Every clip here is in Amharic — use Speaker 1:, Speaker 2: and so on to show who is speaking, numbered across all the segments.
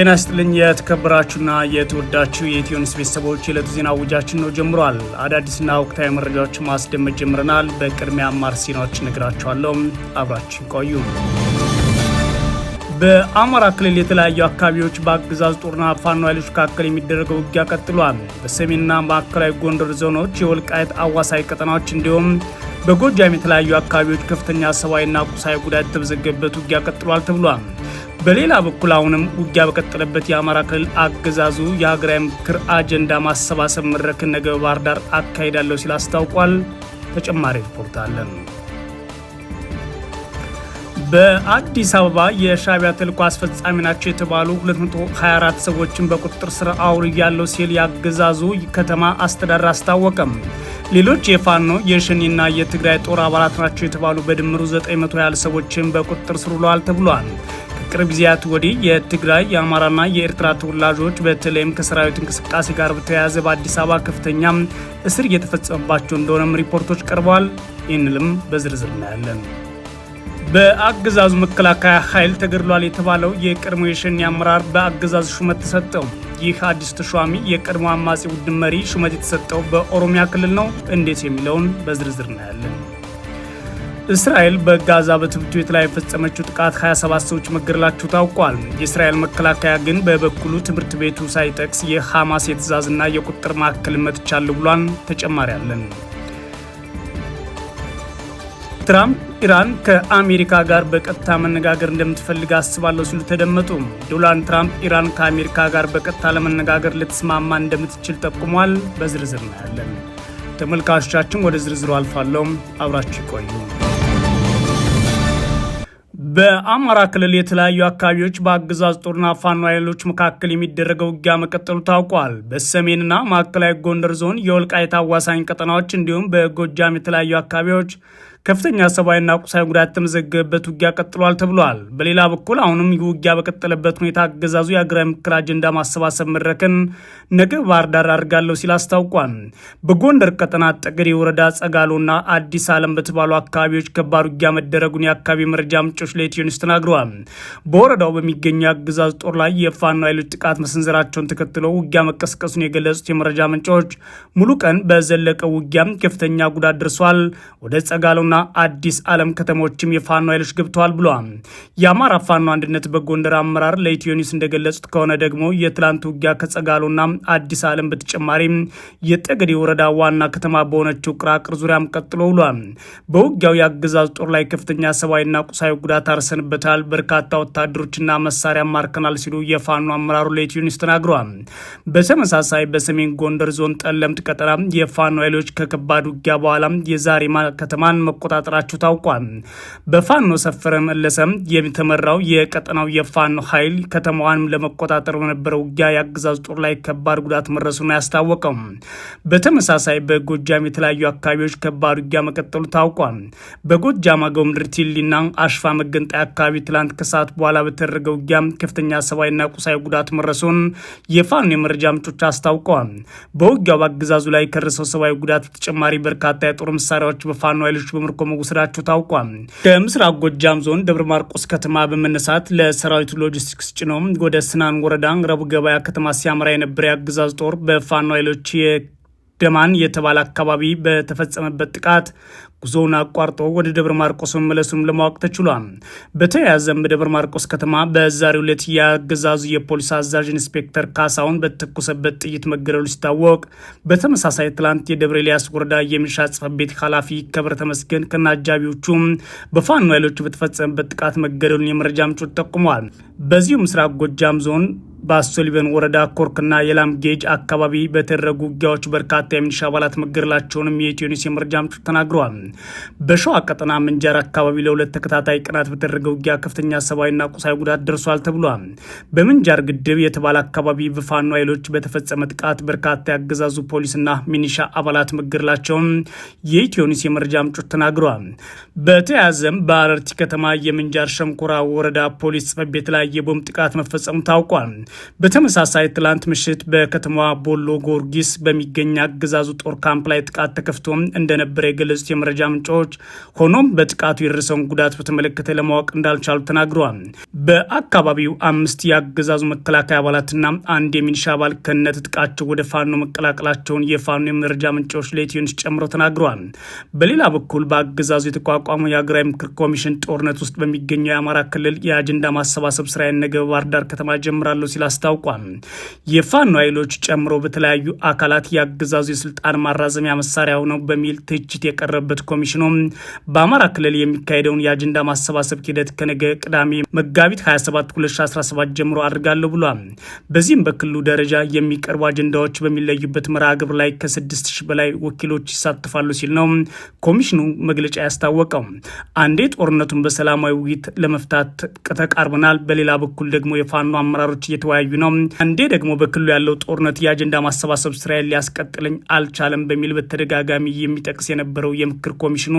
Speaker 1: ጤና ይስጥልኝ የተከበራችሁና የተወዳችሁ የኢትዮኒስ ቤተሰቦች የዕለቱ ዜና ውጃችን ነው ጀምሯል። አዳዲስና ወቅታዊ መረጃዎችን ማስደመጥ ጀምረናል። በቅድሚያ አማር ዜናዎች እነግራችኋለሁ፣ አብራችን ቆዩ። በአማራ ክልል የተለያዩ አካባቢዎች በአገዛዝ ጦርና ፋኖ ኃይሎች መካከል የሚደረገው ውጊያ ቀጥሏል። በሰሜንና ማዕከላዊ ጎንደር ዞኖች የወልቃየት አዋሳኝ ቀጠናዎች እንዲሁም በጎጃም የተለያዩ አካባቢዎች ከፍተኛ ሰብአዊና ቁሳዊ ጉዳት የተመዘገበት ውጊያ ቀጥሏል ተብሏል። በሌላ በኩል አሁንም ውጊያ በቀጠለበት የአማራ ክልል አገዛዙ የሀገራዊ ምክክር አጀንዳ ማሰባሰብ መድረክን ነገ በባህር ዳር አካሄዳለሁ ሲል አስታውቋል። ተጨማሪ ሪፖርት አለን። በአዲስ አበባ የሻቢያ ተልዕኮ አስፈጻሚ ናቸው የተባሉ 224 ሰዎችን በቁጥጥር ስር ያለው ሲል ያገዛዙ ከተማ አስተዳደር አስታወቀም። ሌሎች የፋኖ የሸኒና የትግራይ ጦር አባላት ናቸው የተባሉ በድምሩ 900 ያህል ሰዎችን በቁጥጥር ስር ውለዋል ተብሏል። ከቅርብ ጊዜያት ወዲህ የትግራይ የአማራና የኤርትራ ተወላጆች በተለይም ከሰራዊት እንቅስቃሴ ጋር በተያያዘ በአዲስ አበባ ከፍተኛ እስር እየተፈጸመባቸው እንደሆነም ሪፖርቶች ቀርበዋል። ይህንንም በዝርዝር እናያለን። በአገዛዙ መከላከያ ኃይል ተገድሏል የተባለው የቀድሞ የሸኔ አመራር በአገዛዙ ሹመት ተሰጠው። ይህ አዲስ ተሿሚ የቀድሞ አማጺ ቡድን መሪ ሹመት የተሰጠው በኦሮሚያ ክልል ነው። እንዴት የሚለውን በዝርዝር እናያለን። እስራኤል በጋዛ በትምህርት ቤት ላይ የፈጸመችው ጥቃት 27 ሰዎች መገደላቸው ታውቋል። የእስራኤል መከላከያ ግን በበኩሉ ትምህርት ቤቱ ሳይጠቅስ የሐማስ የትእዛዝና የቁጥጥር ማዕከል መትቻለሁ ብሏል። ተጨማሪ አለን። ትራምፕ ኢራን ከአሜሪካ ጋር በቀጥታ መነጋገር እንደምትፈልግ አስባለሁ ሲሉ ተደመጡ። ዶናልድ ትራምፕ ኢራን ከአሜሪካ ጋር በቀጥታ ለመነጋገር ልትስማማ እንደምትችል ጠቁሟል። በዝርዝር እናያለን። ተመልካቾቻችን ወደ ዝርዝሩ አልፋለሁ። አብራችሁ ይቆዩ። በአማራ ክልል የተለያዩ አካባቢዎች በአገዛዝ ጦርና ፋኖ ኃይሎች መካከል የሚደረገው ውጊያ መቀጠሉ ታውቋል። በሰሜንና ማዕከላዊ ጎንደር ዞን የወልቃይት አዋሳኝ ቀጠናዎች እንዲሁም በጎጃም የተለያዩ አካባቢዎች ከፍተኛ ሰብአዊና ቁሳዊ ጉዳት የተመዘገበበት ውጊያ ቀጥሏል ተብሏል። በሌላ በኩል አሁንም ይህ ውጊያ በቀጠለበት ሁኔታ አገዛዙ የአገራዊ ምክክር አጀንዳ ማሰባሰብ መድረክን ነገ ባህር ዳር አድርጋለሁ ሲል አስታውቋል። በጎንደር ቀጠና ጠገዴ ወረዳ ጸጋሎና አዲስ ዓለም በተባሉ አካባቢዎች ከባድ ውጊያ መደረጉን የአካባቢ መረጃ ምንጮች ለኢትዮ ኒውስ ተናግረዋል። በወረዳው በሚገኙ የአገዛዝ ጦር ላይ የፋኖ ኃይሎች ጥቃት መሰንዘራቸውን ተከትለው ውጊያ መቀስቀሱን የገለጹት የመረጃ ምንጮች ሙሉ ቀን በዘለቀው ውጊያም ከፍተኛ ጉዳት ደርሷል፣ ወደ ጸጋሎ ሸዋሮቢትና አዲስ ዓለም ከተሞችም የፋኖ ኃይሎች ገብተዋል ብሏል። የአማራ ፋኖ አንድነት በጎንደር አመራር ለኢትዮ ኒውስ እንደገለጹት ከሆነ ደግሞ የትላንት ውጊያ ከጸጋሉና አዲስ ዓለም በተጨማሪ የጠገዴ ወረዳ ዋና ከተማ በሆነችው ቅራቅር ዙሪያም ቀጥሎ ብሏል። በውጊያው የአገዛዝ ጦር ላይ ከፍተኛ ሰብአዊና ቁሳዊ ጉዳት አርሰንበታል፣ በርካታ ወታደሮችና መሳሪያ ማርከናል ሲሉ የፋኖ አመራሩ ለኢትዮ ኒውስ ተናግረዋል። በተመሳሳይ በሰሜን ጎንደር ዞን ጠለምት ቀጠና የፋኖ ኃይሎች ከከባድ ውጊያ በኋላ የዛሬማ ከተማን መቆጣጠራቸው ታውቋል። በፋኖ ሰፈረ መለሰም የተመራው የቀጠናው የፋኖ ኃይል ከተማዋንም ለመቆጣጠር በነበረው ውጊያ የአገዛዝ ጦር ላይ ከባድ ጉዳት መድረሱን ያስታወቀው። በተመሳሳይ በጎጃም የተለያዩ አካባቢዎች ከባድ ውጊያ መቀጠሉ ታውቋል። በጎጃም አገው ምድር ቲሊና አሽፋ መገንጣይ አካባቢ ትላንት ከሰዓት በኋላ በተደረገ ውጊያ ከፍተኛ ሰብአዊና ቁሳዊ ጉዳት መድረሱን የፋኖ የመረጃ ምንጮች አስታውቀዋል። በውጊያው በአገዛዙ ላይ ከደረሰው ሰብአዊ ጉዳት በተጨማሪ በርካታ የጦር መሳሪያዎች በፋኖ ኃይሎች ምርኮ መወሰዳቸው ታውቋል። ከምስራቅ ጎጃም ዞን ደብረ ማርቆስ ከተማ በመነሳት ለሰራዊቱ ሎጂስቲክስ ጭኖ ወደ ስናን ወረዳ ረቡ ገበያ ከተማ ሲያመራ የነበረ የአገዛዝ ጦር በፋኖ ኃይሎች ደማን የተባለ አካባቢ በተፈጸመበት ጥቃት ጉዞውን አቋርጦ ወደ ደብረ ማርቆስ መመለሱን ለማወቅ ተችሏል። በተያያዘም በደብረ ማርቆስ ከተማ በዛሬው ዕለት ያገዛዙ የፖሊስ አዛዥ ኢንስፔክተር ካሳሁን በተተኮሰበት ጥይት መገደሉ ሲታወቅ፣ በተመሳሳይ ትላንት የደብረ ኤልያስ ወረዳ የሚሻ ጽሕፈት ቤት ኃላፊ ከብረ ተመስገን ከነአጃቢዎቹም በፋኖ ኃይሎቹ በተፈጸመበት ጥቃት መገደሉን የመረጃ ምንጮች ጠቁመዋል። በዚሁ ምስራቅ ጎጃም ዞን በአሶሊበን ወረዳ ኮርክና የላም ጌጅ አካባቢ በተደረጉ ውጊያዎች በርካታ የሚሊሻ አባላት መገደላቸውንም የኢትዮኒስ የመረጃ ምንጮች ተናግረዋል። በሸዋ ቀጠና ምንጃር አካባቢ ለሁለት ተከታታይ ቀናት በተደረገ ውጊያ ከፍተኛ ሰብአዊና ቁሳዊ ጉዳት ደርሷል ተብሏል። በምንጃር ግድብ የተባለ አካባቢ በፋኖ ኃይሎች በተፈጸመ ጥቃት በርካታ ያገዛዙ ፖሊስና ሚኒሻ አባላት መገደላቸውን የኢትዮኒስ የመረጃ ምንጮች ተናግረዋል። በተያያዘም በአረርቲ ከተማ የምንጃር ሸንኮራ ወረዳ ፖሊስ ጽፈት ቤት ላይ የቦምብ ጥቃት መፈጸሙ ታውቋል። በተመሳሳይ ትላንት ምሽት በከተማዋ ቦሎ ጎርጊስ በሚገኝ አገዛዙ ጦር ካምፕ ላይ ጥቃት ተከፍቶ እንደነበረ የገለጹት የመረጃ ምንጮች፣ ሆኖም በጥቃቱ የደረሰውን ጉዳት በተመለከተ ለማወቅ እንዳልቻሉ ተናግረዋል። በአካባቢው አምስት የአገዛዙ መከላከያ አባላትና አንድ የሚኒሻ አባል ከነትጥቃቸው ወደ ፋኖ መቀላቀላቸውን የፋኖ የመረጃ ምንጮች ለኢትዮንስ ጨምሮ ተናግረዋል። በሌላ በኩል በአገዛዙ የተቋቋመው የሀገራዊ ምክር ኮሚሽን ጦርነት ውስጥ በሚገኘው የአማራ ክልል የአጀንዳ ማሰባሰብ ስራ ያነገ በባህር ዳር ከተማ ጀምራለሁ ሲል አስታውቋል። የፋኖ ኃይሎች ጨምሮ በተለያዩ አካላት የአገዛዙ የስልጣን ማራዘሚያ መሳሪያ ሆነው በሚል ትችት የቀረበት ኮሚሽኑ በአማራ ክልል የሚካሄደውን የአጀንዳ ማሰባሰብ ሂደት ከነገ ቅዳሜ መጋቢት 27 2017 ጀምሮ አድርጋለሁ ብሏል። በዚህም በክልሉ ደረጃ የሚቀርቡ አጀንዳዎች በሚለዩበት መርሃ ግብር ላይ ከ6000 በላይ ወኪሎች ይሳተፋሉ ሲል ነው ኮሚሽኑ መግለጫ ያስታወቀው። አንዴ ጦርነቱን በሰላማዊ ውይይት ለመፍታት ተቃርበናል፣ በሌላ በኩል ደግሞ የፋኖ አመራሮች እየተ እየተወያዩ ነው። አንዴ ደግሞ በክልሉ ያለው ጦርነት የአጀንዳ ማሰባሰብ ስራ ሊያስቀጥለኝ አልቻለም በሚል በተደጋጋሚ የሚጠቅስ የነበረው የምክር ኮሚሽኑ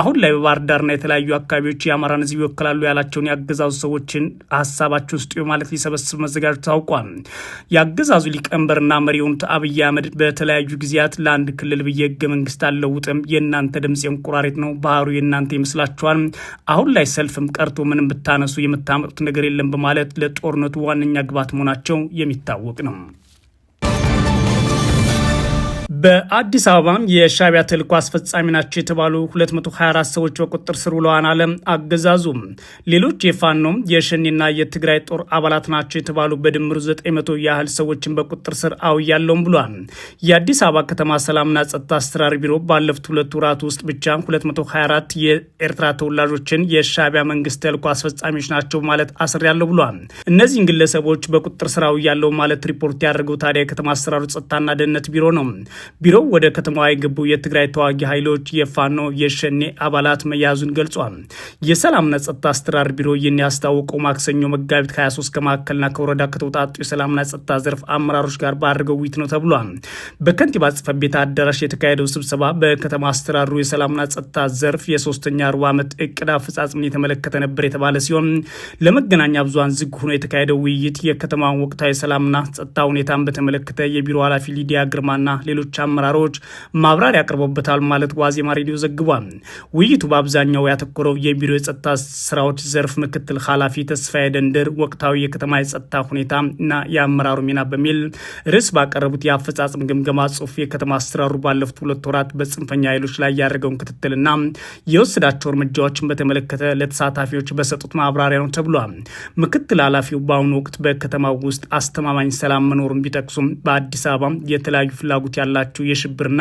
Speaker 1: አሁን ላይ በባህር ዳርና የተለያዩ አካባቢዎች የአማራን ህዝብ ይወክላሉ ያላቸውን የአገዛዙ ሰዎችን ሀሳባቸው ውስጥ ማለት ሊሰበስብ መዘጋጀቱ ታውቋል። የአገዛዙ ሊቀመንበርና መሪ የሆኑት አብይ አህመድ በተለያዩ ጊዜያት ለአንድ ክልል ብዬ ህገ መንግስት አልለውጥም፣ የእናንተ ድምፅ የእንቁራሪት ነው፣ ባህሩ የእናንተ ይመስላችኋል፣ አሁን ላይ ሰልፍም ቀርቶ ምንም ብታነሱ የምታመጡት ነገር የለም በማለት ለጦርነቱ ዋነኛ መግባት መሆናቸው የሚታወቅ ነው። በአዲስ አበባም የሻቢያ ተልእኮ አስፈጻሚ ናቸው የተባሉ 224 ሰዎች በቁጥጥር ስር ውለዋን አለም አገዛዙ ሌሎች የፋኖም የሸኔና የትግራይ ጦር አባላት ናቸው የተባሉ በድምሩ 900 ያህል ሰዎችን በቁጥጥር ስር አውያለውም ብሏል። የአዲስ አበባ ከተማ ሰላምና ጸጥታ አስተዳደር ቢሮ ባለፉት ሁለት ወራት ውስጥ ብቻ 224 የኤርትራ ተወላጆችን የሻቢያ መንግስት ተልእኮ አስፈጻሚዎች ናቸው ማለት አስሬያለሁ ብሏል። እነዚህን ግለሰቦች በቁጥጥር ስር አውያለሁ ማለት ሪፖርት ያደረገው ታዲያ የከተማ አስተዳደሩ ጸጥታና ደህንነት ቢሮ ነው። ቢሮው ወደ ከተማዋ የገቡ የትግራይ ተዋጊ ኃይሎች የፋኖ የሸኔ አባላት መያዙን ገልጿል። የሰላምና ጸጥታ አስተዳደር ቢሮ ይህን ያስታወቀው ማክሰኞ መጋቢት 23 ከማዕከልና ከወረዳ ከተውጣጡ የሰላምና ጸጥታ ዘርፍ አመራሮች ጋር ባደረገው ውይይት ነው ተብሏል። በከንቲባ ጽፈት ቤት አዳራሽ የተካሄደው ስብሰባ በከተማ አስተዳደሩ የሰላምና ጸጥታ ዘርፍ የሶስተኛ ሩብ ዓመት እቅድ አፈጻጽምን የተመለከተ ነበር የተባለ ሲሆን ለመገናኛ ብዙሃን ዝግ ሆኖ የተካሄደው ውይይት የከተማውን ወቅታዊ ሰላምና ጸጥታ ሁኔታን በተመለከተ የቢሮ ኃላፊ ሊዲያ ግርማና ሌሎች አመራሮች ማብራሪያ አቅርቦበታል ማለት ዋዜማ ሬዲዮ ዘግቧል። ውይይቱ በአብዛኛው ያተኮረው የቢሮ የጸጥታ ስራዎች ዘርፍ ምክትል ኃላፊ ተስፋዬ ደንደር ወቅታዊ የከተማ የጸጥታ ሁኔታ እና የአመራሩ ሚና በሚል ርዕስ ባቀረቡት የአፈጻጽም ግምገማ ጽሁፍ የከተማ አሰራሩ ባለፉት ሁለት ወራት በጽንፈኛ ኃይሎች ላይ ያደረገውን ክትትልና የወሰዳቸው እርምጃዎችን በተመለከተ ለተሳታፊዎች በሰጡት ማብራሪያ ነው ተብሏል። ምክትል ኃላፊው በአሁኑ ወቅት በከተማው ውስጥ አስተማማኝ ሰላም መኖሩን ቢጠቅሱም በአዲስ አበባ የተለያዩ ፍላጎት ያላቸው ያላቸው የሽብርና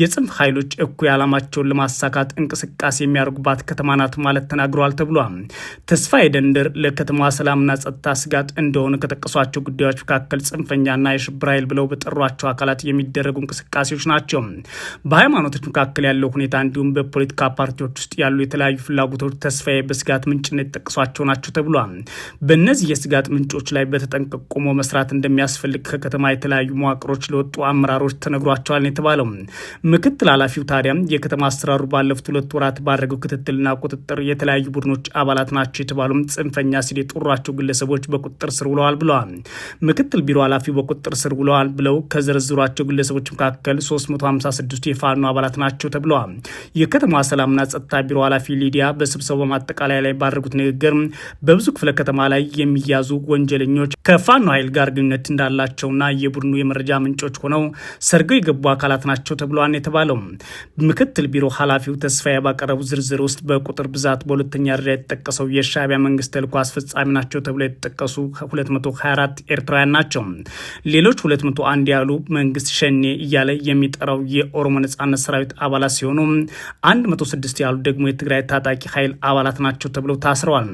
Speaker 1: የጽንፍ ኃይሎች እኩይ ዓላማቸውን ለማሳካት እንቅስቃሴ የሚያደርጉባት ከተማ ናት ማለት ተናግረዋል ተብሏል። ተስፋዬ ደንደር ለከተማዋ ሰላምና ጸጥታ ስጋት እንደሆነ ከጠቀሷቸው ጉዳዮች መካከል ጽንፈኛና የሽብር ኃይል ብለው በጠሯቸው አካላት የሚደረጉ እንቅስቃሴዎች ናቸው። በሃይማኖቶች መካከል ያለው ሁኔታ እንዲሁም በፖለቲካ ፓርቲዎች ውስጥ ያሉ የተለያዩ ፍላጎቶች ተስፋዬ በስጋት ምንጭነት የጠቀሷቸው ናቸው ተብሏል። በእነዚህ የስጋት ምንጮች ላይ በተጠንቀቅ ቆሞ መስራት እንደሚያስፈልግ ከከተማ የተለያዩ መዋቅሮች ለወጡ አመራሮች ተነግሯል ይኖራቸዋል የተባለው ምክትል ኃላፊው ታዲያም የከተማ አሰራሩ ባለፉት ሁለት ወራት ባደረገው ክትትልና ቁጥጥር የተለያዩ ቡድኖች አባላት ናቸው የተባሉም ጽንፈኛ ሲል የጦሯቸው ግለሰቦች በቁጥጥር ስር ውለዋል ብለዋል። ምክትል ቢሮ ኃላፊው በቁጥጥር ስር ውለዋል ብለው ከዘረዝሯቸው ግለሰቦች መካከል 356 የፋኖ አባላት ናቸው ተብለዋል። የከተማ ሰላምና ጸጥታ ቢሮ ኃላፊ ሊዲያ በስብሰባው ማጠቃለያ ላይ ባደረጉት ንግግር በብዙ ክፍለ ከተማ ላይ የሚያዙ ወንጀለኞች ከፋኖ ኃይል ጋር ግንኙነት እንዳላቸውና የቡድኑ የመረጃ ምንጮች ሆነው ሰርገው ያልገቡ አካላት ናቸው ተብሏን የተባለው ምክትል ቢሮ ኃላፊው ተስፋዬ ባቀረቡ ዝርዝር ውስጥ በቁጥር ብዛት በሁለተኛ ደረጃ የተጠቀሰው የሻቢያ መንግስት ተልኮ አስፈጻሚ ናቸው ተብሎ የተጠቀሱ 224 ኤርትራውያን ናቸው። ሌሎች 201 ያሉ መንግስት ሸኔ እያለ የሚጠራው የኦሮሞ ነጻነት ሰራዊት አባላት ሲሆኑ 106 ያሉ ደግሞ የትግራይ ታጣቂ ኃይል አባላት ናቸው ተብለው ታስረዋል።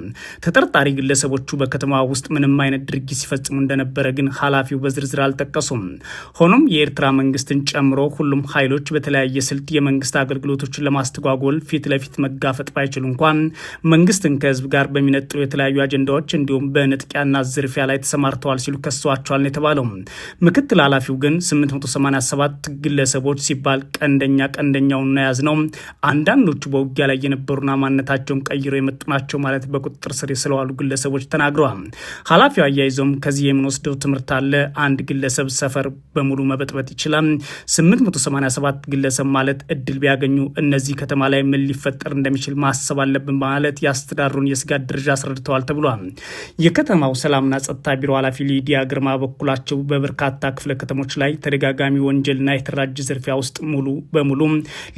Speaker 1: ተጠርጣሪ ግለሰቦቹ በከተማ ውስጥ ምንም አይነት ድርጊት ሲፈጽሙ እንደነበረ ግን ኃላፊው በዝርዝር አልጠቀሱም። ሆኖም የኤርትራ መንግስትን ፖሊስን ጨምሮ ሁሉም ኃይሎች በተለያየ ስልት የመንግስት አገልግሎቶችን ለማስተጓጎል ፊት ለፊት መጋፈጥ ባይችሉ እንኳን መንግስትን ከህዝብ ጋር በሚነጥሉ የተለያዩ አጀንዳዎች እንዲሁም በንጥቂያና ዝርፊያ ላይ ተሰማርተዋል ሲሉ ከሰዋቸዋል ነው የተባለው። ምክትል ኃላፊው ግን 887 ግለሰቦች ሲባል ቀንደኛ ቀንደኛውን ያዝ ነው፣ አንዳንዶቹ በውጊያ ላይ የነበሩና ማንነታቸውን ቀይሮ የመጡ ናቸው ማለት በቁጥጥር ስር ስለዋሉ ግለሰቦች ተናግረዋል። ኃላፊው አያይዘውም ከዚህ የምንወስደው ትምህርት አለ። አንድ ግለሰብ ሰፈር በሙሉ መበጥበጥ ይችላል። 887 ግለሰብ ማለት እድል ቢያገኙ እነዚህ ከተማ ላይ ምን ሊፈጠር እንደሚችል ማሰብ አለብን በማለት የአስተዳደሩን የስጋት ደረጃ አስረድተዋል ተብሏል። የከተማው ሰላምና ጸጥታ ቢሮ ኃላፊ ሊዲያ ግርማ በኩላቸው በበርካታ ክፍለ ከተሞች ላይ ተደጋጋሚ ወንጀልና የተደራጀ ዝርፊያ ውስጥ ሙሉ በሙሉ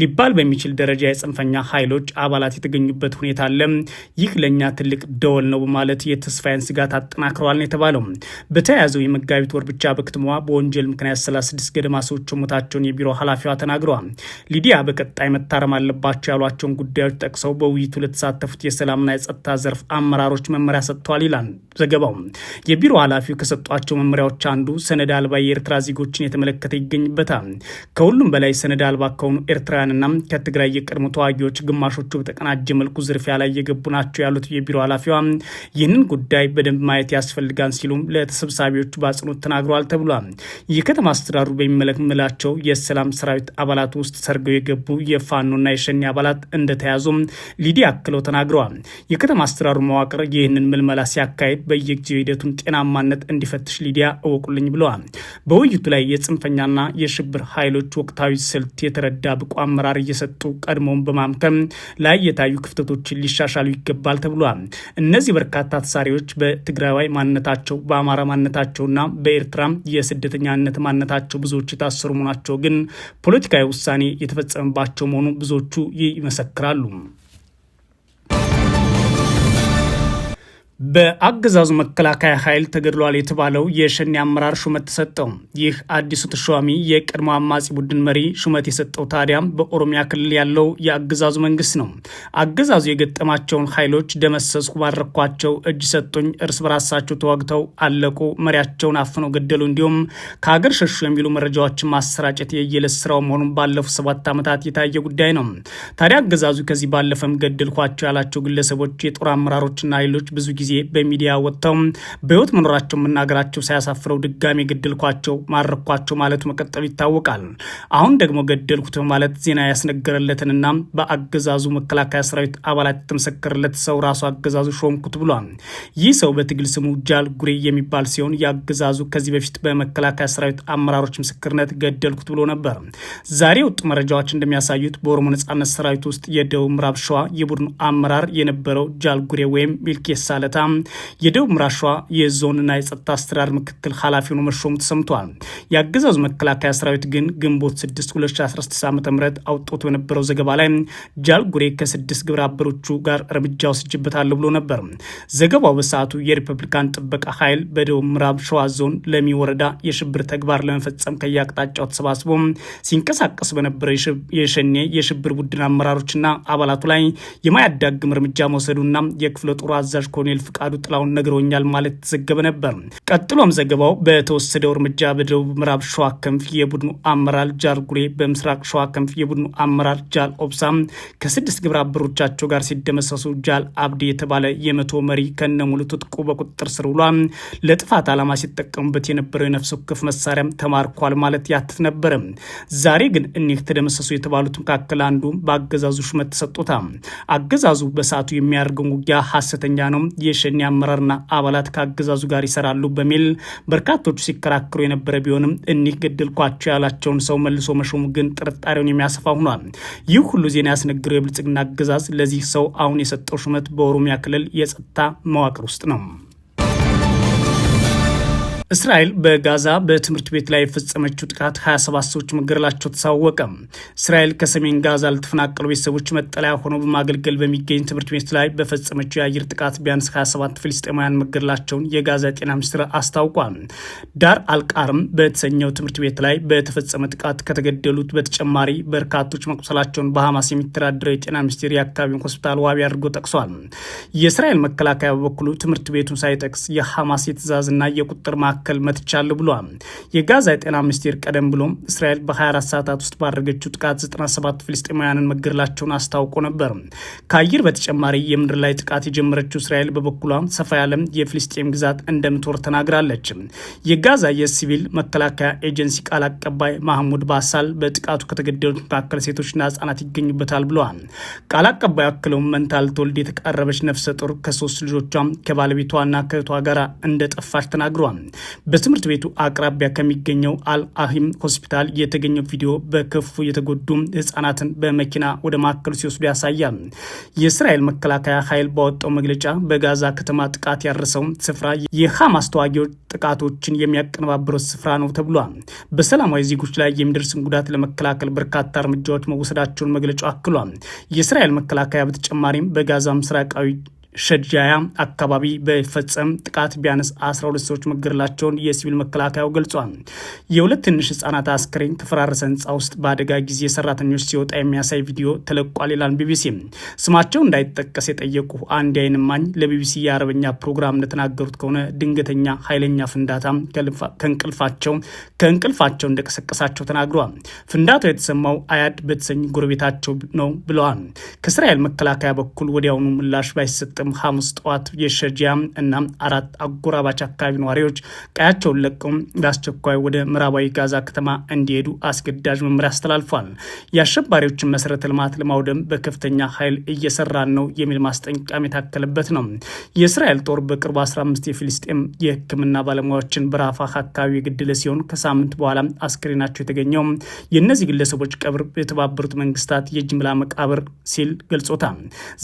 Speaker 1: ሊባል በሚችል ደረጃ የጽንፈኛ ኃይሎች አባላት የተገኙበት ሁኔታ አለ። ይህ ለእኛ ትልቅ ደወል ነው በማለት የተስፋዬን ስጋት አጠናክረዋል ነው የተባለው። በተያያዘው የመጋቢት ወር ብቻ በከተማዋ በወንጀል ምክንያት 36 ገደማ ሰዎች ማስቀመጣቸውን የቢሮ ኃላፊዋ ተናግረዋል። ሊዲያ በቀጣይ መታረም አለባቸው ያሏቸውን ጉዳዮች ጠቅሰው በውይይቱ ለተሳተፉት የሰላምና የጸጥታ ዘርፍ አመራሮች መመሪያ ሰጥተዋል ይላል ዘገባው። የቢሮ ኃላፊው ከሰጧቸው መመሪያዎች አንዱ ሰነድ አልባ የኤርትራ ዜጎችን የተመለከተ ይገኝበታል። ከሁሉም በላይ ሰነድ አልባ ከሆኑ ኤርትራውያንና ከትግራይ የቀድሞ ተዋጊዎች ግማሾቹ በተቀናጀ መልኩ ዝርፊያ ላይ የገቡ ናቸው ያሉት የቢሮ ኃላፊዋ ይህንን ጉዳይ በደንብ ማየት ያስፈልጋል ሲሉም ለተሰብሳቢዎቹ በአጽንኦት ተናግረዋል ተብሏል። የከተማ አስተዳደሩ በሚመለምላቸው ካላቸው የሰላም ሰራዊት አባላት ውስጥ ሰርገው የገቡ የፋኖና የሸኔ አባላት እንደተያዙም ሊዲያ አክለው ተናግረዋል። የከተማ አስተዳደሩ መዋቅር ይህንን ምልመላ ሲያካሄድ በየጊዜው ሂደቱን ጤናማነት እንዲፈትሽ ሊዲያ እወቁልኝ ብለዋል። በውይይቱ ላይ የጽንፈኛና የሽብር ኃይሎች ወቅታዊ ስልት የተረዳ ብቁ አመራር እየሰጡ ቀድሞውን በማምከም ላይ የታዩ ክፍተቶችን ሊሻሻሉ ይገባል ተብሏል። እነዚህ በርካታ ተሳሪዎች በትግራዋይ ማንነታቸው፣ በአማራ ማንነታቸውና በኤርትራ የስደተኛነት ማንነታቸው ብዙዎች የታሰሩ መሆናቸው ግን ፖለቲካዊ ውሳኔ የተፈጸመባቸው መሆኑ ብዙዎቹ ይመሰክራሉ። በአገዛዙ መከላከያ ኃይል ተገድሏል የተባለው የሸኔ አመራር ሹመት ተሰጠው። ይህ አዲሱ ተሿሚ የቀድሞ አማጺ ቡድን መሪ ሹመት የሰጠው ታዲያም በኦሮሚያ ክልል ያለው የአገዛዙ መንግስት ነው። አገዛዙ የገጠማቸውን ኃይሎች ደመሰስኩ፣ ባረኳቸው፣ እጅ ሰጡኝ፣ እርስ በራሳቸው ተዋግተው አለቁ፣ መሪያቸውን አፍነው ገደሉ፣ እንዲሁም ከሀገር ሸሹ የሚሉ መረጃዎችን ማሰራጨት የየለት ስራው መሆኑን ባለፉት ሰባት ዓመታት የታየ ጉዳይ ነው። ታዲያ አገዛዙ ከዚህ ባለፈም ገደልኳቸው ያላቸው ግለሰቦች፣ የጦር አመራሮችና ኃይሎች ብዙ ጊዜ ጊዜ በሚዲያ ወጥተው በህይወት መኖራቸው መናገራቸው ሳያሳፍረው ድጋሜ ገደልኳቸው፣ ማረኳቸው ማለቱ መቀጠሉ ይታወቃል። አሁን ደግሞ ገደልኩት ማለት ዜና ያስነገረለትንና በአገዛዙ መከላከያ ሰራዊት አባላት የተመሰከረለት ሰው ራሱ አገዛዙ ሾምኩት ብሏል። ይህ ሰው በትግል ስሙ ጃል ጉሬ የሚባል ሲሆን የአገዛዙ ከዚህ በፊት በመከላከያ ሰራዊት አመራሮች ምስክርነት ገደልኩት ብሎ ነበር። ዛሬ ወጡ መረጃዎች እንደሚያሳዩት በኦሮሞ ነጻነት ሰራዊት ውስጥ የደቡብ ምዕራብ ሸዋ የቡድኑ አመራር የነበረው ጃል ጉሬ ወይም ሚልኬሳ ለታ የደቡብ ምራሿ የዞንና የጸጥታ አስተዳደር ምክትል ኃላፊ ሆኖ መሾሙ ተሰምቷል። የአገዛዙ መከላከያ ሰራዊት ግን ግንቦት 6 2016 ዓ ም አውጥቶት በነበረው ዘገባ ላይ ጃልጉሬ ከስድስት ግብረ አበሮቹ ጋር እርምጃ ወስጅበታለሁ ብሎ ነበር። ዘገባው በሰዓቱ የሪፐብሊካን ጥበቃ ኃይል በደቡብ ምዕራብ ሸዋ ዞን ለሚ ወረዳ የሽብር ተግባር ለመፈጸም ከየአቅጣጫው ተሰባስቦ ሲንቀሳቀስ በነበረው የሸኔ የሽብር ቡድን አመራሮችና አባላቱ ላይ የማያዳግም እርምጃ መውሰዱና የክፍለ ጦሩ አዛዥ ኮሎኔል ፍቃዱ ጥላውን ነግሮኛል ማለት የተዘገበ ነበር። ቀጥሎም ዘገባው በተወሰደው እርምጃ በደቡብ ምዕራብ ሸዋ ክንፍ የቡድኑ አመራር ጃል ጉሬ፣ በምስራቅ ሸዋ ክንፍ የቡድኑ አመራር ጃል ኦብሳም ከስድስት ግብረ አበሮቻቸው ጋር ሲደመሰሱ ጃል አብዲ የተባለ የመቶ መሪ ከነሙሉ ትጥቁ በቁጥጥር ስር ውሏል። ለጥፋት ዓላማ ሲጠቀሙበት የነበረው የነፍስ ወከፍ መሳሪያም ተማርኳል ማለት ያትት ነበር። ዛሬ ግን እኒህ ተደመሰሱ የተባሉት መካከል አንዱ በአገዛዙ ሹመት ተሰጦታ አገዛዙ በሰዓቱ የሚያደርገውን ውጊያ ሀሰተኛ ነው የሸኔ አመራርና አባላት ከአገዛዙ ጋር ይሰራሉ በሚል በርካቶቹ ሲከራከሩ የነበረ ቢሆንም እኒህ ገደልኳቸው ያላቸውን ሰው መልሶ መሾሙ ግን ጥርጣሬውን የሚያሰፋ ሆኗል። ይህ ሁሉ ዜና ያስነግረው የብልጽግና አገዛዝ ለዚህ ሰው አሁን የሰጠው ሹመት በኦሮሚያ ክልል የጸጥታ መዋቅር ውስጥ ነው። እስራኤል በጋዛ በትምህርት ቤት ላይ የፈጸመችው ጥቃት 27 ሰዎች መገደላቸው ተሳወቀ። እስራኤል ከሰሜን ጋዛ ለተፈናቀሉ ቤተሰቦች መጠለያ ሆኖ በማገልገል በሚገኝ ትምህርት ቤት ላይ በፈጸመችው የአየር ጥቃት ቢያንስ 27 ፍልስጤማውያን መገደላቸውን የጋዛ ጤና ሚኒስትር አስታውቋል። ዳር አልቃርም በተሰኘው ትምህርት ቤት ላይ በተፈጸመ ጥቃት ከተገደሉት በተጨማሪ በርካቶች መቁሰላቸውን በሐማስ የሚተዳደረው የጤና ሚኒስቴር የአካባቢውን ሆስፒታል ዋቢ አድርጎ ጠቅሷል። የእስራኤል መከላከያ በበኩሉ ትምህርት ቤቱን ሳይጠቅስ የሐማስ የትእዛዝና የቁጥር ማ መካከል መትቻለሁ ብሏል። የጋዛ የጤና ሚኒስቴር ቀደም ብሎም እስራኤል በ24 ሰዓታት ውስጥ ባደረገችው ጥቃት 97 ፍልስጤማውያንን መገደላቸውን አስታውቆ ነበር። ከአየር በተጨማሪ የምድር ላይ ጥቃት የጀመረችው እስራኤል በበኩሏ ሰፋ ያለም የፍልስጤም ግዛት እንደምትወር ተናግራለች። የጋዛ የሲቪል መከላከያ ኤጀንሲ ቃል አቀባይ ማህሙድ ባሳል በጥቃቱ ከተገደሉት መካከል ሴቶችና ህጻናት ይገኙበታል ብለዋል። ቃል አቀባይ አክለውም መንታ ልትወልድ የተቃረበች ነፍሰ ጡር ከሶስት ልጆቿ ከባለቤቷና ከእህቷ ጋር እንደጠፋች ተናግሯል። በትምህርት ቤቱ አቅራቢያ ከሚገኘው አልአሂም ሆስፒታል የተገኘው ቪዲዮ በከፉ የተጎዱ ህጻናትን በመኪና ወደ ማዕከሉ ሲወስዱ ያሳያል። የእስራኤል መከላከያ ኃይል ባወጣው መግለጫ በጋዛ ከተማ ጥቃት ያደረሰው ስፍራ የሐማስ ተዋጊዎች ጥቃቶችን የሚያቀነባብረው ስፍራ ነው ተብሏል። በሰላማዊ ዜጎች ላይ የሚደርስን ጉዳት ለመከላከል በርካታ እርምጃዎች መወሰዳቸውን መግለጫው አክሏል። የእስራኤል መከላከያ በተጨማሪም በጋዛ ምስራቃዊ ሸጃያ አካባቢ በፈጸም ጥቃት ቢያንስ 12 ሰዎች መገደላቸውን የሲቪል መከላከያው ገልጿል። የሁለት ትንሽ ህጻናት አስክሬን ተፈራረሰ ህንፃ ውስጥ በአደጋ ጊዜ ሰራተኞች ሲወጣ የሚያሳይ ቪዲዮ ተለቋል ይላል ቢቢሲ። ስማቸው እንዳይጠቀስ የጠየቁ አንድ የዓይን እማኝ ለቢቢሲ የአረበኛ ፕሮግራም እንደተናገሩት ከሆነ ድንገተኛ ኃይለኛ ፍንዳታ ከእንቅልፋቸው ከእንቅልፋቸው እንደቀሰቀሳቸው ተናግረዋል። ፍንዳታው የተሰማው አያድ በተሰኝ ጎረቤታቸው ነው ብለዋል። ከእስራኤል መከላከያ በኩል ወዲያውኑ ምላሽ ባይሰጠ ጥቅም ሐሙስ ጠዋት የሸጂያ እና አራት አጎራባች አካባቢ ነዋሪዎች ቀያቸውን ለቀው በአስቸኳይ ወደ ምዕራባዊ ጋዛ ከተማ እንዲሄዱ አስገዳጅ መመሪያ አስተላልፏል። የአሸባሪዎችን መሰረተ ልማት ለማውደም በከፍተኛ ኃይል እየሰራን ነው የሚል ማስጠንቀቂያም የታከለበት ነው። የእስራኤል ጦር በቅርቡ 15 የፊልስጤም የሕክምና ባለሙያዎችን በራፋህ አካባቢ የገደለ ሲሆን ከሳምንት በኋላ አስክሬናቸው የተገኘው የእነዚህ ግለሰቦች ቀብር የተባበሩት መንግስታት የጅምላ መቃብር ሲል ገልጾታል።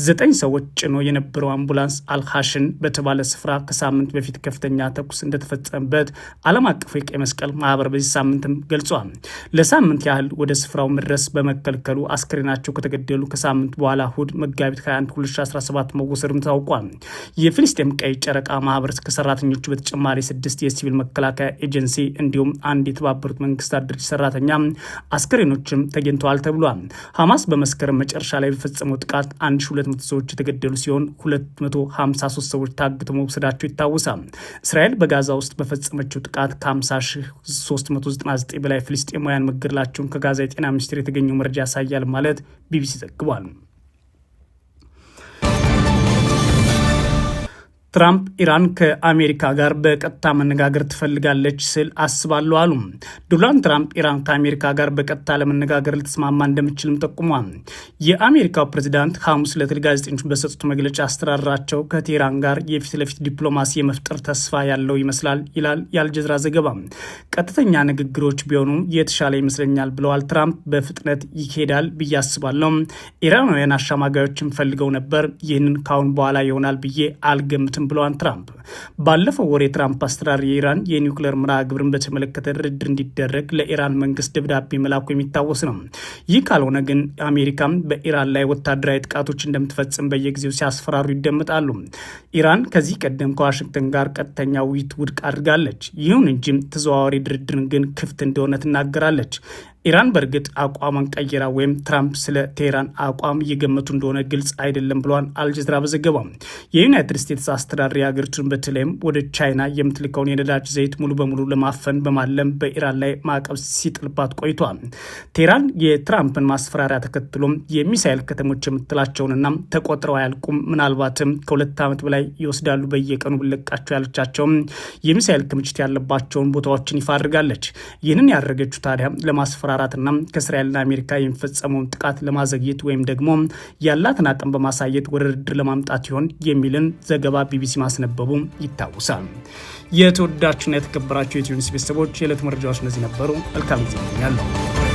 Speaker 1: ዘጠኝ ሰዎች ጭኖ የነበረው የነበረው አምቡላንስ አልሃሽን በተባለ ስፍራ ከሳምንት በፊት ከፍተኛ ተኩስ እንደተፈጸመበት ዓለም አቀፉ የቀይ መስቀል ማህበር በዚህ ሳምንትም ገልጿል። ለሳምንት ያህል ወደ ስፍራው መድረስ በመከልከሉ አስክሬናቸው ከተገደሉ ከሳምንት በኋላ እሁድ መጋቢት 21 2017 መወሰዱም ታውቋል። የፊልስጤም ቀይ ጨረቃ ማህበር ከሰራተኞቹ በተጨማሪ ስድስት የሲቪል መከላከያ ኤጀንሲ እንዲሁም አንድ የተባበሩት መንግስታት ድርጅት ሰራተኛ አስክሬኖችም ተገኝተዋል ተብሏል። ሐማስ በመስከረም መጨረሻ ላይ በፈጸመው ጥቃት 1200 ሰዎች የተገደሉ ሲሆን 253 ሰዎች ታግተው መውሰዳቸው ይታወሳል። እስራኤል በጋዛ ውስጥ በፈጸመችው ጥቃት ከ50399 በላይ ፍልስጤማውያን መገደላቸውን ከጋዛ የጤና ሚኒስቴር የተገኘው መረጃ ያሳያል ማለት ቢቢሲ ዘግቧል። ትራምፕ ኢራን ከአሜሪካ ጋር በቀጥታ መነጋገር ትፈልጋለች ስል አስባለሁ አሉ። ዶናልድ ትራምፕ ኢራን ከአሜሪካ ጋር በቀጥታ ለመነጋገር ልትስማማ እንደምችልም ጠቁሟል። የአሜሪካው ፕሬዚዳንት ሐሙስ ለትል ጋዜጠኞች በሰጡት መግለጫ አስተራራቸው ከቴህራን ጋር የፊት ለፊት ዲፕሎማሲ የመፍጠር ተስፋ ያለው ይመስላል ይላል የአልጀዝራ ዘገባ። ቀጥተኛ ንግግሮች ቢሆኑ የተሻለ ይመስለኛል ብለዋል። ትራምፕ በፍጥነት ይሄዳል ብዬ አስባለሁ። ኢራናውያን አሸማጋዮችን ፈልገው ነበር። ይህንን ካሁን በኋላ ይሆናል ብዬ አልገምትም የሉትም ብለዋል ትራምፕ። ባለፈው ወር የትራምፕ አስተዳደር የኢራን የኒውክሌር መርሃ ግብርን በተመለከተ ድርድር እንዲደረግ ለኢራን መንግስት ደብዳቤ መላኩ የሚታወስ ነው። ይህ ካልሆነ ግን አሜሪካም በኢራን ላይ ወታደራዊ ጥቃቶች እንደምትፈጽም በየጊዜው ሲያስፈራሩ ይደመጣሉ። ኢራን ከዚህ ቀደም ከዋሽንግተን ጋር ቀጥተኛ ውይይት ውድቅ አድርጋለች። ይሁን እንጂም ተዘዋዋሪ ድርድርን ግን ክፍት እንደሆነ ትናገራለች። ኢራን በእርግጥ አቋሟን ቀይራ ወይም ትራምፕ ስለ ቴህራን አቋም እየገመቱ እንደሆነ ግልጽ አይደለም ብለዋል አልጀዝራ በዘገባው። የዩናይትድ ስቴትስ አስተዳደር የሀገሪቱን በተለይም ወደ ቻይና የምትልከውን የነዳጅ ዘይት ሙሉ በሙሉ ለማፈን በማለም በኢራን ላይ ማዕቀብ ሲጥልባት ቆይቷል። ቴህራን የትራምፕን ማስፈራሪያ ተከትሎም የሚሳኤል ከተሞች የምትላቸውንና ተቆጥረው አያልቁም ምናልባትም ከሁለት ዓመት በላይ ይወስዳሉ በየቀኑ ብለቃቸው ያለቻቸውም የሚሳኤል ክምችት ያለባቸውን ቦታዎችን ይፋ አድርጋለች። ይህንን ያደረገችው ታዲያ ለማስፈራ ለማስፈራራትና ከእስራኤልና አሜሪካ የሚፈጸመውን ጥቃት ለማዘግየት ወይም ደግሞ ያላትን አቅም በማሳየት ወደ ድርድር ለማምጣት ይሆን የሚልን ዘገባ ቢቢሲ ማስነበቡ ይታወሳል። የተወዳችሁና የተከበራችሁ የኢትዮ ኒውስ ቤተሰቦች የዕለት መረጃዎች እነዚህ ነበሩ። መልካም ዜናኛለሁ።